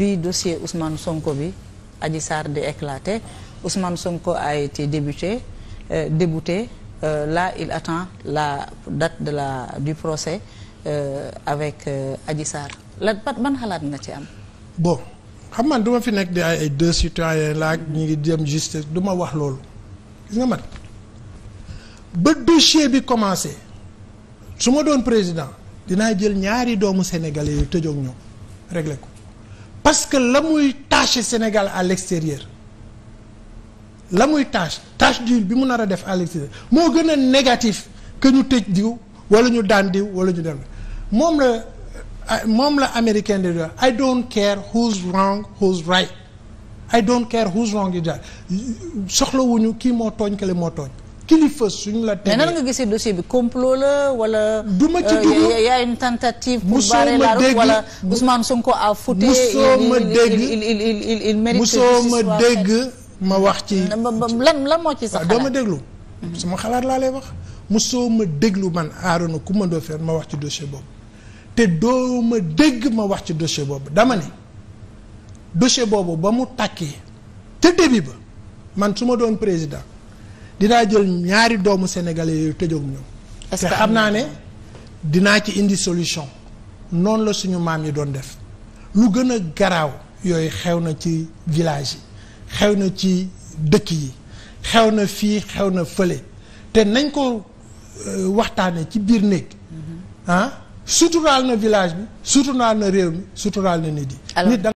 bi dossier Ousmane Sonko bi Adji Sarr di éclaté Ousmane Sonko a été débuté euh, débouté euh, là il attend la date de la du procès euh, avec euh, Adji Sarr la ban xalaat nga ci am. bo xam man du ma fi nekk di ay deux citoyens la ak ñu ngi dem justice du ma wax loolu gis nga man ba dossier bi commencé su ma doon président dinaa jël ñaari doomu sénégalais yu tëjoog ñoom réglé ko. parce que la muy tâche Sénégal à l'extérieur la muy tâche tâche d'huile bi mu nar a def à l'extérieur moo gën a négatif que ñu tëj diw wala ñu daan diw wala ñu dem moom la moom la américain de dire I don't care who's wrong who's right I don't care who's wrong soxlawuñu kii moo tooñ kële moo tooñ kilifa suñ la tegee mais nan nga gisee dossier bi complot la wala. du ma ci euh, dugg y a une tentative. pour barrer la route a ma dégg il ma dégg ma wax ci. lan lan moo ci sax doo ma déglu. Mhm. sama xalaat laa lay wax. mu musoo ma déglu man Arona Coumba Ndoffène ma wax ci dossier boobu te doo ma dégg ma wax ci dossier boobu dama ne dossier boobu ba mu tàkkee te début ba man su ma doon président. dinaa jël ñaari doomu sénégalais yooyu tëjoog ñoom te xam naa ne dinaa ci indi solution noonu la suñu maam yi doon def lu gën a garaaw yooyu xew na ci village yi xew na ci dëkk yi xew na fii xew na fële te nañ ko euh, waxtaane ci biir néeg mm-hmm. ah suturaal na village bi suturaal na réew mi suturaal na nit yi